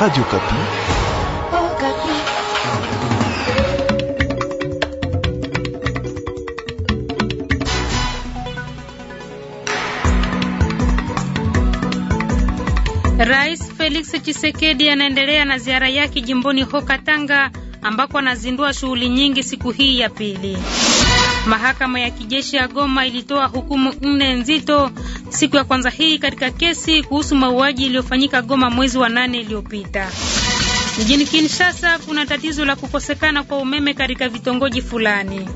Radio Kapi. Oh, Kapi. Rais Felix Tshisekedi anaendelea na ziara yake jimboni Hoka Tanga ambako anazindua shughuli nyingi siku hii ya pili. Mahakama ya kijeshi ya Goma ilitoa hukumu nne nzito siku ya kwanza hii katika kesi kuhusu mauaji iliyofanyika Goma mwezi wa nane iliyopita. Mjini Kinshasa kuna tatizo la kukosekana kwa umeme katika vitongoji fulani.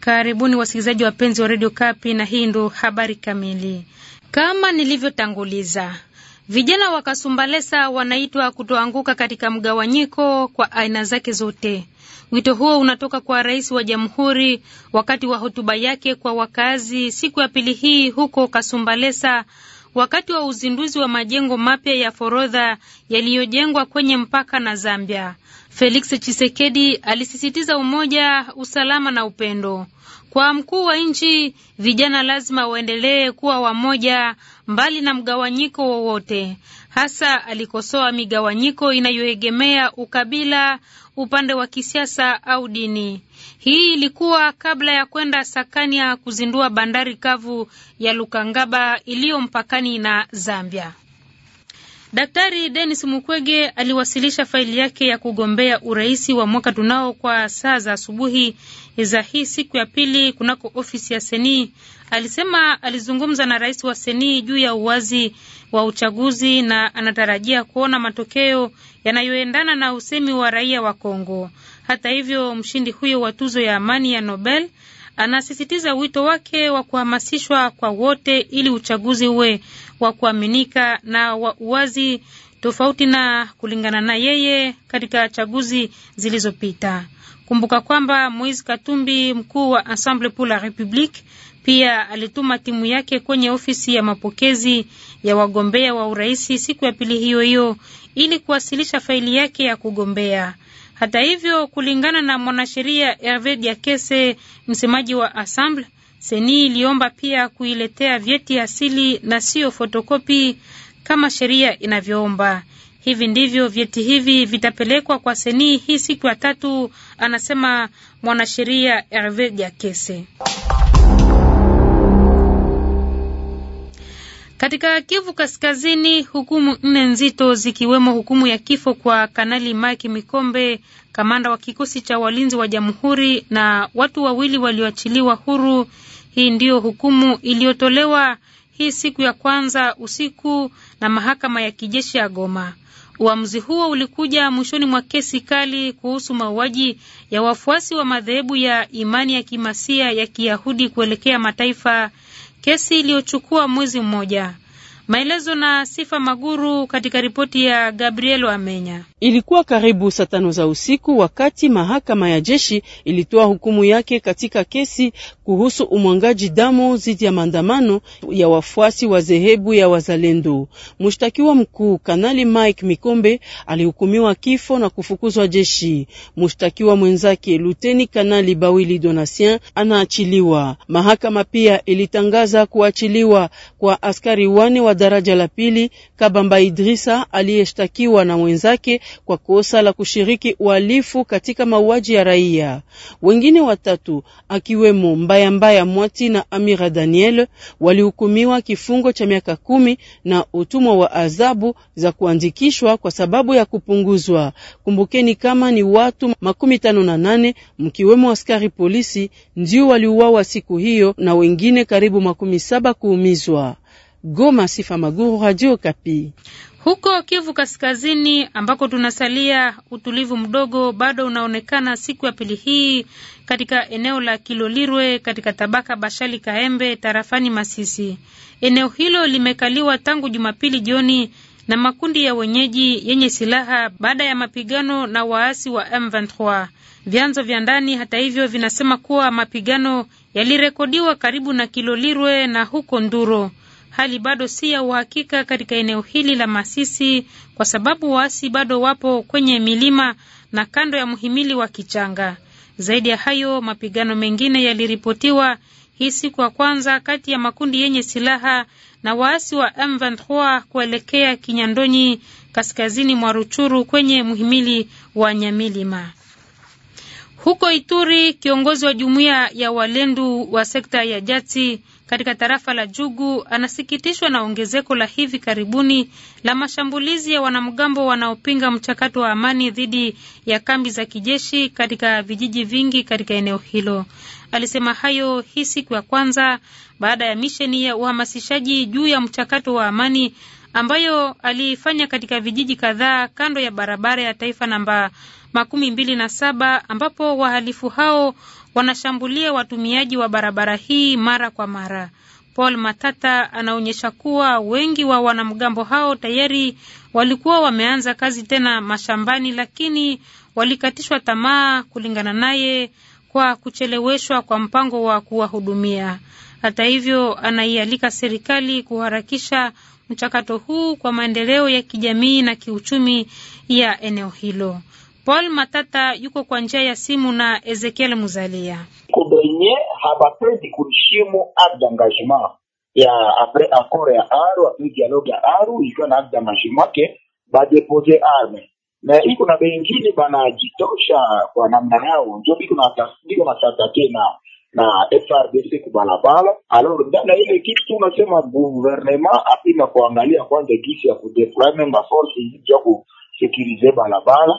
Karibuni wasikilizaji wapenzi wa radio Kapi, na hii ndo habari kamili. Kama nilivyotanguliza, vijana wa Kasumbalesa wanaitwa kutoanguka katika mgawanyiko kwa aina zake zote. Wito huo unatoka kwa rais wa jamhuri wakati wa hotuba yake kwa wakazi siku ya pili hii huko Kasumbalesa, wakati wa uzinduzi wa majengo mapya ya forodha yaliyojengwa kwenye mpaka na Zambia. Felix chisekedi alisisitiza umoja, usalama na upendo. Kwa mkuu wa nchi, vijana lazima waendelee kuwa wamoja mbali na mgawanyiko wowote. Hasa alikosoa migawanyiko inayoegemea ukabila, upande wa kisiasa au dini. Hii ilikuwa kabla ya kwenda Sakania kuzindua bandari kavu ya Lukangaba iliyo mpakani na Zambia. Daktari Denis Mukwege aliwasilisha faili yake ya kugombea urais wa mwaka tunao kwa saa za asubuhi za hii siku ya pili kunako ofisi ya Seni. Alisema alizungumza na rais wa Seni juu ya uwazi wa uchaguzi na anatarajia kuona matokeo yanayoendana na usemi wa raia wa Kongo. Hata hivyo, mshindi huyo wa tuzo ya amani ya Nobel Anasisitiza wito wake wa kuhamasishwa kwa wote ili uchaguzi uwe wa kuaminika na wa uwazi, tofauti na kulingana na yeye katika chaguzi zilizopita. Kumbuka kwamba Moise Katumbi, mkuu wa Ensemble pour la Republique, pia alituma timu yake kwenye ofisi ya mapokezi ya wagombea wa urahisi siku ya pili hiyo hiyo ili kuwasilisha faili yake ya kugombea. Hata hivyo, kulingana na mwanasheria Herve Diakese, msemaji wa Assemble, Seni iliomba pia kuiletea vyeti asili na siyo fotokopi kama sheria inavyoomba. Hivi ndivyo vyeti hivi vitapelekwa kwa Seni hii siku ya tatu, anasema mwanasheria Herve Diakese. Katika Kivu Kaskazini, hukumu nne nzito zikiwemo hukumu ya kifo kwa Kanali Mike Mikombe, kamanda wa kikosi cha walinzi wa jamhuri, na watu wawili walioachiliwa huru. Hii ndiyo hukumu iliyotolewa hii siku ya kwanza usiku na mahakama ya kijeshi ya Goma. Uamuzi huo ulikuja mwishoni mwa kesi kali kuhusu mauaji ya wafuasi wa madhehebu ya imani ya Kimasia ya Kiyahudi kuelekea mataifa kesi iliyochukua mwezi mmoja. Maelezo na Sifa Maguru katika ripoti ya Gabriel Amenya. Ilikuwa karibu saa tano za usiku wakati mahakama ya jeshi ilitoa hukumu yake katika kesi kuhusu umwangaji damu dhidi ya maandamano ya wafuasi wa dhehebu ya Wazalendo. Mshtakiwa mkuu Kanali Mike Mikombe alihukumiwa kifo na kufukuzwa jeshi. Mshtakiwa mwenzake Luteni Kanali Bawili Donatien anaachiliwa. Mahakama pia ilitangaza kuachiliwa kwa askari wane wa daraja la pili Kabamba Idrisa aliyeshtakiwa na mwenzake kwa kosa la kushiriki uhalifu katika mauaji ya raia. Wengine watatu akiwemo Mbaya Mbaya Mwati na Amira Daniel walihukumiwa kifungo cha miaka kumi na utumwa wa adhabu za kuandikishwa kwa sababu ya kupunguzwa. Kumbukeni kama ni watu makumi tano na nane mkiwemo askari polisi ndio waliuawa siku hiyo na wengine karibu makumi saba kuumizwa. Goma, Sifa Maguru, Radio Kapi. Huko Kivu Kaskazini ambako tunasalia, utulivu mdogo bado unaonekana siku ya pili hii katika eneo la Kilolirwe katika tabaka Bashali Kaembe tarafani Masisi. Eneo hilo limekaliwa tangu Jumapili jioni na makundi ya wenyeji yenye silaha baada ya mapigano na waasi wa M23. Vyanzo vya ndani hata hivyo vinasema kuwa mapigano yalirekodiwa karibu na Kilolirwe na huko Nduro hali bado si ya uhakika katika eneo hili la Masisi kwa sababu waasi bado wapo kwenye milima na kando ya mhimili wa Kichanga. Zaidi ya hayo, mapigano mengine yaliripotiwa hii siku ya kwanza kati ya makundi yenye silaha na waasi wa M23 kuelekea Kinyandonyi kaskazini mwa Ruchuru kwenye mhimili wa Nyamilima. Huko Ituri, kiongozi wa jumuiya ya Walendu wa sekta ya Jati katika tarafa la Jugu anasikitishwa na ongezeko la hivi karibuni la mashambulizi ya wanamgambo wanaopinga mchakato wa amani dhidi ya kambi za kijeshi katika vijiji vingi katika eneo hilo. Alisema hayo hii siku ya kwanza baada ya misheni ya uhamasishaji juu ya mchakato wa amani ambayo aliifanya katika vijiji kadhaa kando ya barabara ya taifa namba makumi mbili na saba ambapo wahalifu hao wanashambulia watumiaji wa barabara hii mara kwa mara. Paul Matata anaonyesha kuwa wengi wa wanamgambo hao tayari walikuwa wameanza kazi tena mashambani, lakini walikatishwa tamaa, kulingana naye, kwa kucheleweshwa kwa mpango wa kuwahudumia. Hata hivyo, anaialika serikali kuharakisha mchakato huu kwa maendeleo ya kijamii na kiuchumi ya eneo hilo. Paul Matata yuko kwa njia ya simu na Ezekiel Muzalia. kubenye habapendi kuheshimu engagement ya apres accord ya Aru apres dialogue ya Aru ikiwa na engagement ke badepose arme na iko na bengine banajitosha kwa namna yao, ndio biko natatake na na FRDC kubalabala. Alors ndani ile kitu tunasema gouvernement apima kuangalia kwanza gisi ya kudeployment ba force ya kusekirize balabala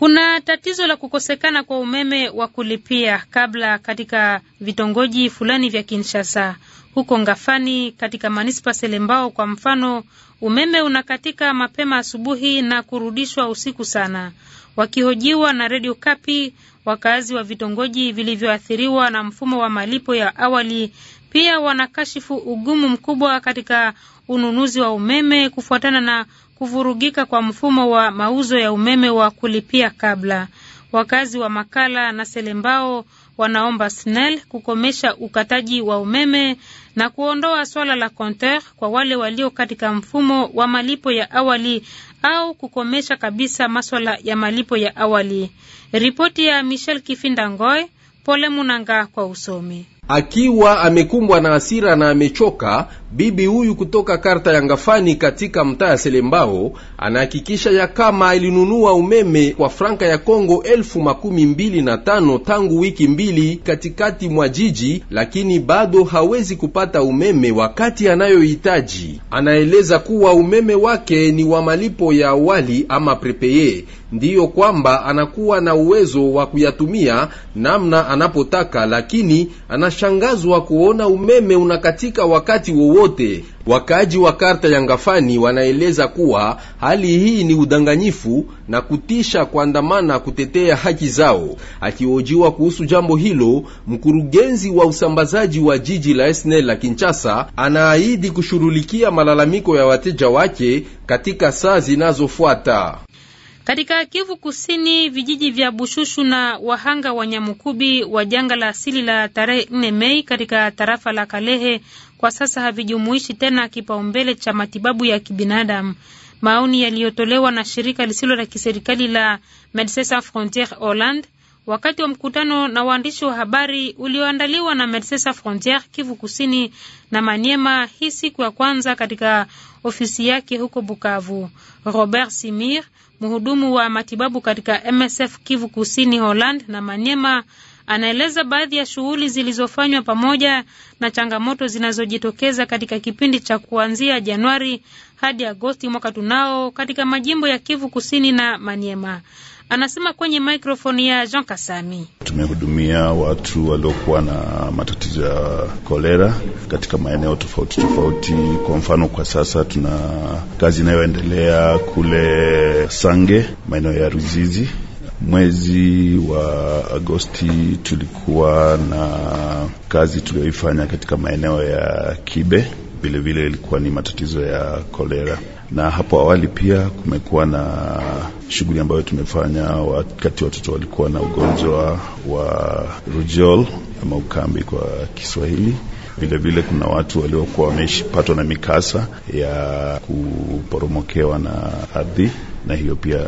Kuna tatizo la kukosekana kwa umeme wa kulipia kabla katika vitongoji fulani vya Kinshasa. Huko Ngafani katika manispa Selembao kwa mfano, umeme unakatika mapema asubuhi na kurudishwa usiku sana. Wakihojiwa na redio Kapi, wakazi wa vitongoji vilivyoathiriwa na mfumo wa malipo ya awali pia wanakashifu ugumu mkubwa katika ununuzi wa umeme kufuatana na kuvurugika kwa mfumo wa mauzo ya umeme wa kulipia kabla. Wakazi wa Makala na Selembao wanaomba SNEL kukomesha ukataji wa umeme na kuondoa swala la konteur kwa wale walio katika mfumo wa malipo ya awali au kukomesha kabisa maswala ya malipo ya awali. Ripoti ya Michel Kifinda Ngoy, Pole Munanga kwa usomi. Akiwa amekumbwa na hasira na amechoka, Bibi huyu kutoka karta ya Ngafani katika mtaa ya Selembao anahakikisha ya kama ilinunua umeme kwa franka ya Kongo elfu makumi mbili na tano tangu wiki mbili katikati mwa jiji, lakini bado hawezi kupata umeme wakati anayohitaji. Anaeleza kuwa umeme wake ni wa malipo ya awali ama prepeye, ndiyo kwamba anakuwa na uwezo wa kuyatumia namna anapotaka, lakini anashangazwa kuona umeme unakatika wakati wowote wote. Wakaaji wa karta ya Ngafani wanaeleza kuwa hali hii ni udanganyifu na kutisha kuandamana kutetea haki zao. Akihojiwa kuhusu jambo hilo, mkurugenzi wa usambazaji wa jiji la Esne la Kinshasa anaahidi kushughulikia malalamiko ya wateja wake katika saa zinazofuata. Katika Kivu Kusini, vijiji vya Bushushu na wahanga wa Nyamukubi wa janga la asili la tarehe 4 Mei katika tarafa la Kalehe kwa sasa havijumuishi tena kipaumbele cha matibabu ya kibinadamu. Maoni yaliyotolewa na shirika lisilo la kiserikali la Medecins Sans Frontieres Holland wakati wa mkutano na waandishi wa habari ulioandaliwa na Medecins Sans Frontieres Kivu Kusini na Maniema hii siku ya kwanza katika ofisi yake huko Bukavu. Robert Simir, mhudumu wa matibabu katika MSF Kivu Kusini, Holland na Maniema anaeleza baadhi ya shughuli zilizofanywa pamoja na changamoto zinazojitokeza katika kipindi cha kuanzia Januari hadi Agosti mwaka tunao katika majimbo ya Kivu Kusini na Maniema. Anasema kwenye mikrofoni ya Jean Kasami, tumehudumia watu waliokuwa na matatizo ya kolera katika maeneo tofauti tofauti. Kwa mfano, kwa sasa tuna kazi inayoendelea kule Sange, maeneo ya Ruzizi Mwezi wa Agosti tulikuwa na kazi tuliyoifanya katika maeneo ya Kibe, vilevile ilikuwa ni matatizo ya kolera, na hapo awali pia kumekuwa na shughuli ambayo tumefanya wakati watoto walikuwa na ugonjwa wa rujol ama ukambi kwa Kiswahili. Vilevile kuna watu waliokuwa wameishipatwa na mikasa ya kuporomokewa na ardhi na hiyo pia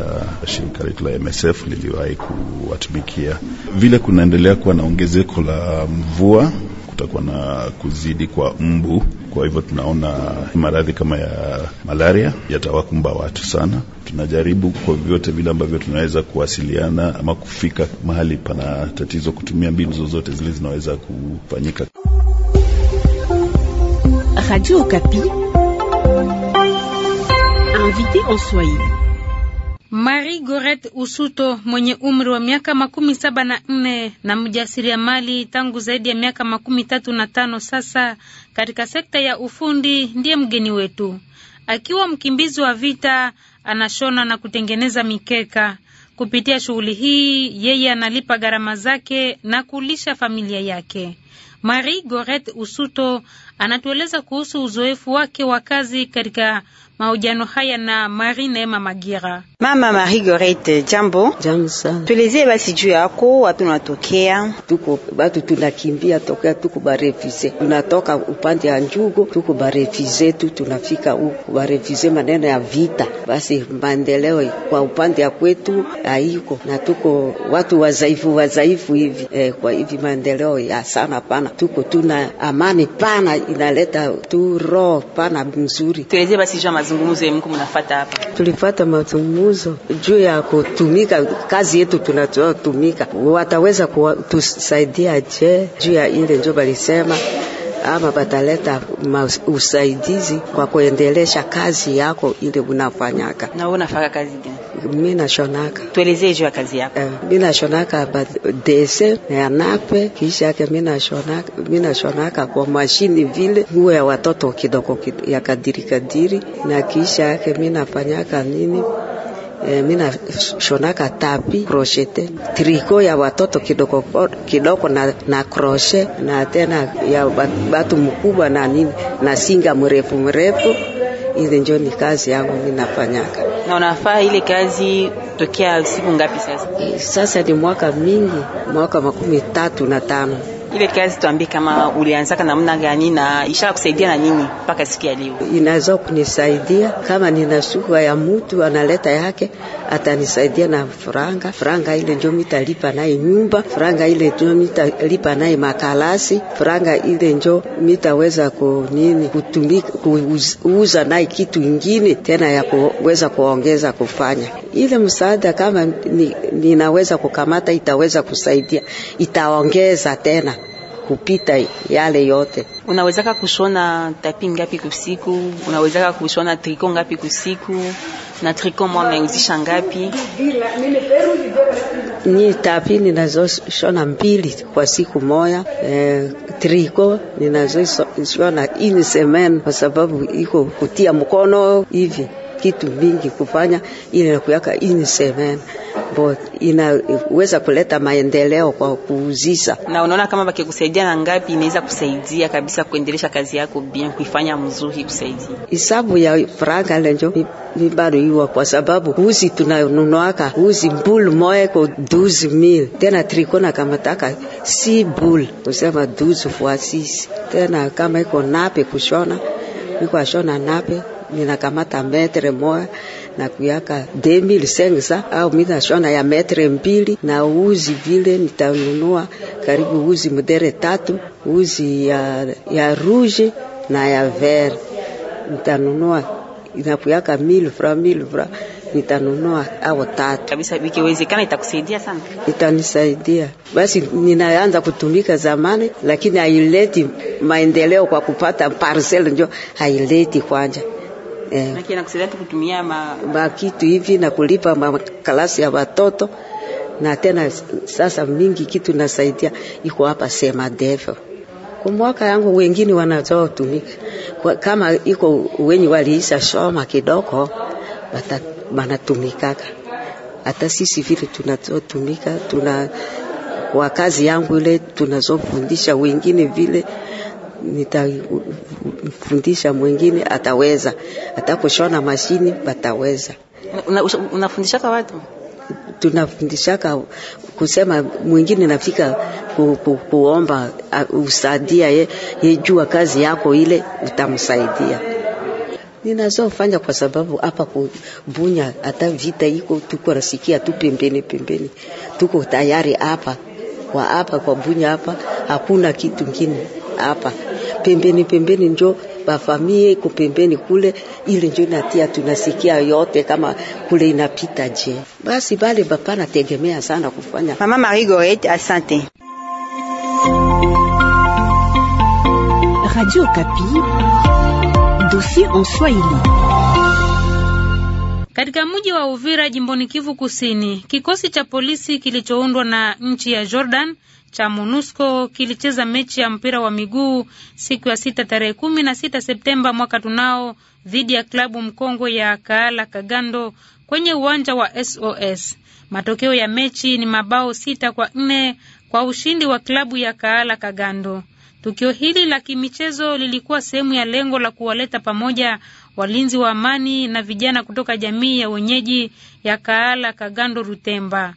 shirika letu la MSF liliwahi kuwatumikia. Vile kunaendelea kuwa na ongezeko la mvua, kutakuwa na kuzidi kwa mbu, kwa hivyo tunaona maradhi kama ya malaria yatawakumba watu sana. Tunajaribu kwa vyote vile ambavyo tunaweza kuwasiliana ama kufika mahali pana tatizo, kutumia mbinu zozote zile zinaweza kufanyika. Radio Okapi invité en Swahili Marie Goret Usuto mwenye umri wa miaka makumi saba na nne na mjasiriamali tangu zaidi ya miaka makumi tatu na tano sasa katika sekta ya ufundi ndiye mgeni wetu. Akiwa mkimbizi wa vita, anashona na kutengeneza mikeka. Kupitia shughuli hii, yeye analipa gharama zake na kulisha familia yake. Marie Goret Usuto anatueleza kuhusu uzoefu wake wa kazi katika Mahojiano haya na Marie Neema Magira. Mama Marie Gorete, jambo. Jambo sana. Tuelezee basi juu yako, watu natokea. Tuko watu tunakimbia tokea, tuko barefize, tunatoka upande ya njugo, tuko barefize tu tunafika huku barefize, maneno ya vita. Basi maendeleo kwa upande ya kwetu haiko, na tuko watu wazaifu wazaifu hivi eh, kwa hivi maendeleo ya sana pana, tuko tuna amani pana, inaleta tu roho pana mzuri. Tuelezee basi jamaa mazungumzo mko mnafuata hapa? Tulifuata mazungumzo juu ya kutumika kazi yetu tunatumika, wataweza kutusaidia je juu ya ile njo balisema ama bataleta usaidizi kwa kuendelesha kazi yako ile unafanyaka. Na unafanya kazi gani? Mimi nashonaka. Tuelezee juu ya kazi yako. Eh, mimi nashonaka dese ya nape, kisha yake mimi nashonaka, mimi nashonaka kwa mashini vile nguo ya watoto kidogo kidogo ya kadiri kadiri, na kisha yake mimi nafanyaka nini eh, mina shonaka tapi crochete triko ya watoto kidogo kidogo na, na crochet na tena ya batu mkubwa na nini na singa mrefu mrefu. Ile njo ni kazi yangu ninafanyaka Na unafaa ile kazi tokea siku ngapi sasa? Eh, sasa ni mwaka mingi, mwaka makumi tatu na tano. Ile kazi tuambie, kama ulianzaka namna gani na ishara kusaidia na nini mpaka ya leo? Inaweza kunisaidia kama nina suka ya mtu analeta yake, atanisaidia na franga. Franga ile ndio mitalipa naye nyumba, franga ile ndio mitalipa naye makalasi, franga ile ndio mitaweza kunini kutumika kuuza naye kitu ingine tena ya kuweza kuongeza kufanya ile msaada. Kama ninaweza kukamata, itaweza kusaidia, itaongeza tena kupita yale yote. Unawezaka kushona tapi ngapi kusiku? Unawezaka kushona triko ngapi kusiku? na triko mwa meuzisha ngapi? Ni tapi ninazoshona mbili kwa siku moya. E, eh, triko ninazoshona ini semen, kwa sababu iko kutia mkono hivi kitu vingi kufanya, ile inakuyaka insemena but inaweza kuleta maendeleo kwa kuuzisha. Na unaona kama bakikusaidia na ngapi, inaweza kusaidia kabisa kuendelesha kazi yako bien, kuifanya mzuri, kusaidia hisabu ya franga lenjo bado iwa, kwa sababu uzi tunanunuaka uzi mbulu moye kwa duzi mil tena trikona kamataka si bul kusema duzi fuasisi tena kama iko nape kushona iko ashona nape ninakamata metre moya na kuyaka 2500 au minashona ya metre mbili na uzi vile nitanunua karibu uzi mudere tatu uzi ya, ya rouge na ya vert nitanunua inakuyaka 1000 fra 1000 fra nitanunua au tatu kabisa. Ikiwezekana itakusaidia sana, itanisaidia. Basi ninaanza kutumika zamani, lakini haileti maendeleo kwa kupata parcel, ndio haileti kwanja eh, kutumia ma... makitu hivi na kulipa makalasi ya watoto na tena sasa mingi kitu nasaidia iko hapa sema devo kwa mwaka yangu wengine wanatoa tumika kama iko wenye waliisha shoma kidogo banatumikaka hata sisi vile tunatotumika tuna kwa kazi yangu ile tunazofundisha wengine vile nitafundisha mwingine ataweza, ataposhona mashini bataweza. Unafundishaka una watu tunafundishaka kusema mwingine nafika ku, ku, kuomba uh, usadia ye, yejua kazi yako ile utamsaidia. Ninazofanya kwa sababu hapa kubunya hata vita iko tuko nasikia tu pembeni pembeni, tuko tayari hapa kwa hapa kwa bunya hapa, hakuna kitu kingine hapa pembeni pembeni, njo bafamie iko pembeni kule, ile njo inatia tunasikia yote kama kule inapita. Je, basi bale bapana tegemea sana kufanya. Mama Marie Goet, asante. Radio Kapi, dossier en Swahili. Katika mji wa Uvira jimboni Kivu Kusini, kikosi cha polisi kilichoundwa na nchi ya Jordan cha MONUSCO kilicheza mechi ya mpira wa miguu siku ya sita tarehe kumi na sita Septemba mwaka tunao dhidi ya klabu mkongwe ya Kaala Kagando kwenye uwanja wa SOS. Matokeo ya mechi ni mabao sita kwa nne kwa ushindi wa klabu ya Kaala Kagando. Tukio hili la kimichezo lilikuwa sehemu ya lengo la kuwaleta pamoja walinzi wa amani na vijana kutoka jamii ya wenyeji ya Kaala Kagando Rutemba.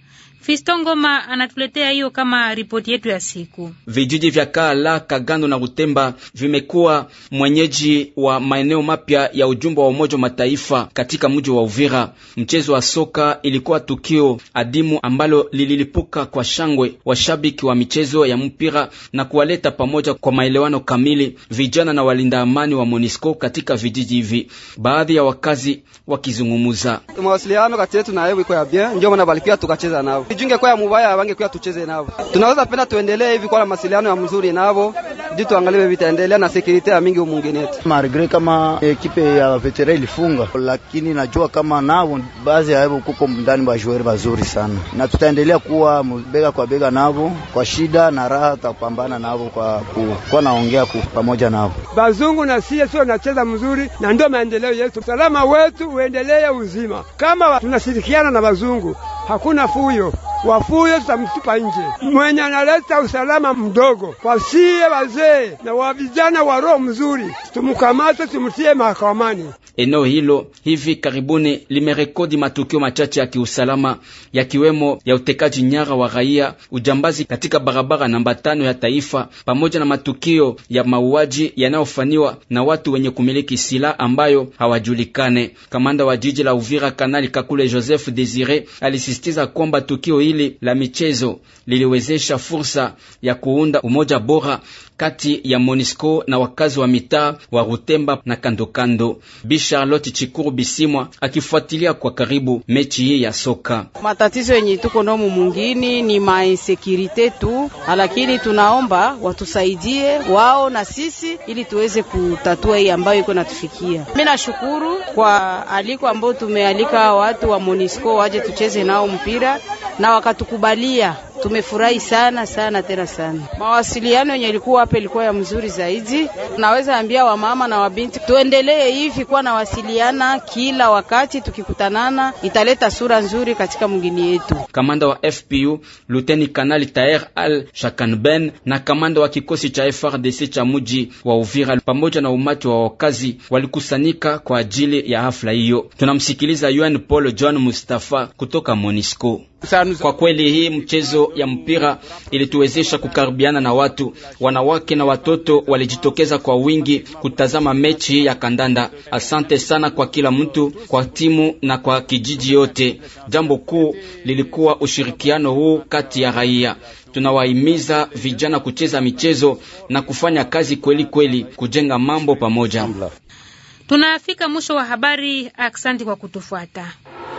Fisto Ngoma anatuletea hiyo kama ripoti yetu ya siku. Vijiji vya Kaala, Kagando na Rutemba vimekuwa mwenyeji wa maeneo mapya ya ujumbe wa Umoja wa Mataifa katika mji wa Uvira. Mchezo wa soka ilikuwa tukio adimu ambalo lililipuka kwa shangwe washabiki wa michezo ya mpira na kuwaleta pamoja kwa maelewano kamili vijana na walinda amani wa Monisco katika vijiji hivi. Baadhi ya wakazi wakizungumuza mawasiliano kati yetu na yeye iko ya bien, ndio maana balipia tukacheza nao kijunge kwa ya mubaya kwa tucheze navo. Tunaweza penda tuendelee hivi kwa masiliano ya mzuri navo Jitu tuangalie vitaendelea na sekirite ya mingi umungine yetu. kama ekipe ya vetere ilifunga, lakini najua kama navo bazi ya hao kuko mdani ba bazuri sana, na tutaendelea kuwa bega kwa bega navo kwa shida na raha, takupambana navo kwa kwa naongea kwa pamoja navo. Bazungu na sie sio nacheza mzuri, na ndo maendeleo yetu. Salama wetu uendelee uzima kama tunashirikiana na bazungu hakuna fuyo. Wafuyo tutamtupa nje. Mwenye analeta usalama mdogo wasiye wazee na wa vijana wa roho mzuri, tumukamate tumtie mahakamani. Eneo hilo hivi karibuni limerekodi matukio machache ya kiusalama yakiwemo ya utekaji nyara wa raia, ujambazi katika barabara namba tano ya taifa, pamoja na matukio ya mauaji yanayofanywa na watu wenye kumiliki silaha ambayo hawajulikane. Kamanda wa jiji la Uvira, Kanali Kakule Joseph Desire, alisisitiza kwamba tukio hili la michezo liliwezesha fursa ya kuunda umoja bora kati ya Monisco na wakazi wa mitaa wa Rutemba na kandokando. Bi Charlotte Chikuru Bisimwa akifuatilia kwa karibu mechi hii ya soka. Matatizo yenye tuko nomu mungini ni mainsekirite tu, lakini tunaomba watusaidie wao na sisi, ili tuweze kutatua hii ambayo iko natufikia. mi nashukuru kwa aliko ambao tumealika watu wa Monisco waje tucheze nao mpira na wakatukubalia tumefurahi sana sana tena sana. Mawasiliano yenye ilikuwa hapa ilikuwa ya mzuri zaidi. Naweza ambia wamama na wabinti tuendelee hivi kuwa nawasiliana kila wakati, tukikutanana italeta sura nzuri katika mgini yetu. Kamanda wa FPU Luteni Kanali Taher Al Shakanben na kamanda wa kikosi cha FRDC cha muji wa Uvira pamoja na umati wa wakazi walikusanyika kwa ajili ya hafla hiyo. Tunamsikiliza UN Paul John Mustafa kutoka Monisco. Kwa kweli hii mchezo ya mpira ilituwezesha kukaribiana na watu. Wanawake na watoto walijitokeza kwa wingi kutazama mechi ya kandanda. Asante sana kwa kila mtu, kwa timu na kwa kijiji yote. Jambo kuu lilikuwa ushirikiano huu kati ya raia. Tunawahimiza vijana kucheza michezo na kufanya kazi kweli kweli, kujenga mambo pamoja. Tunafika mwisho wa habari. Aksanti kwa kutufuata.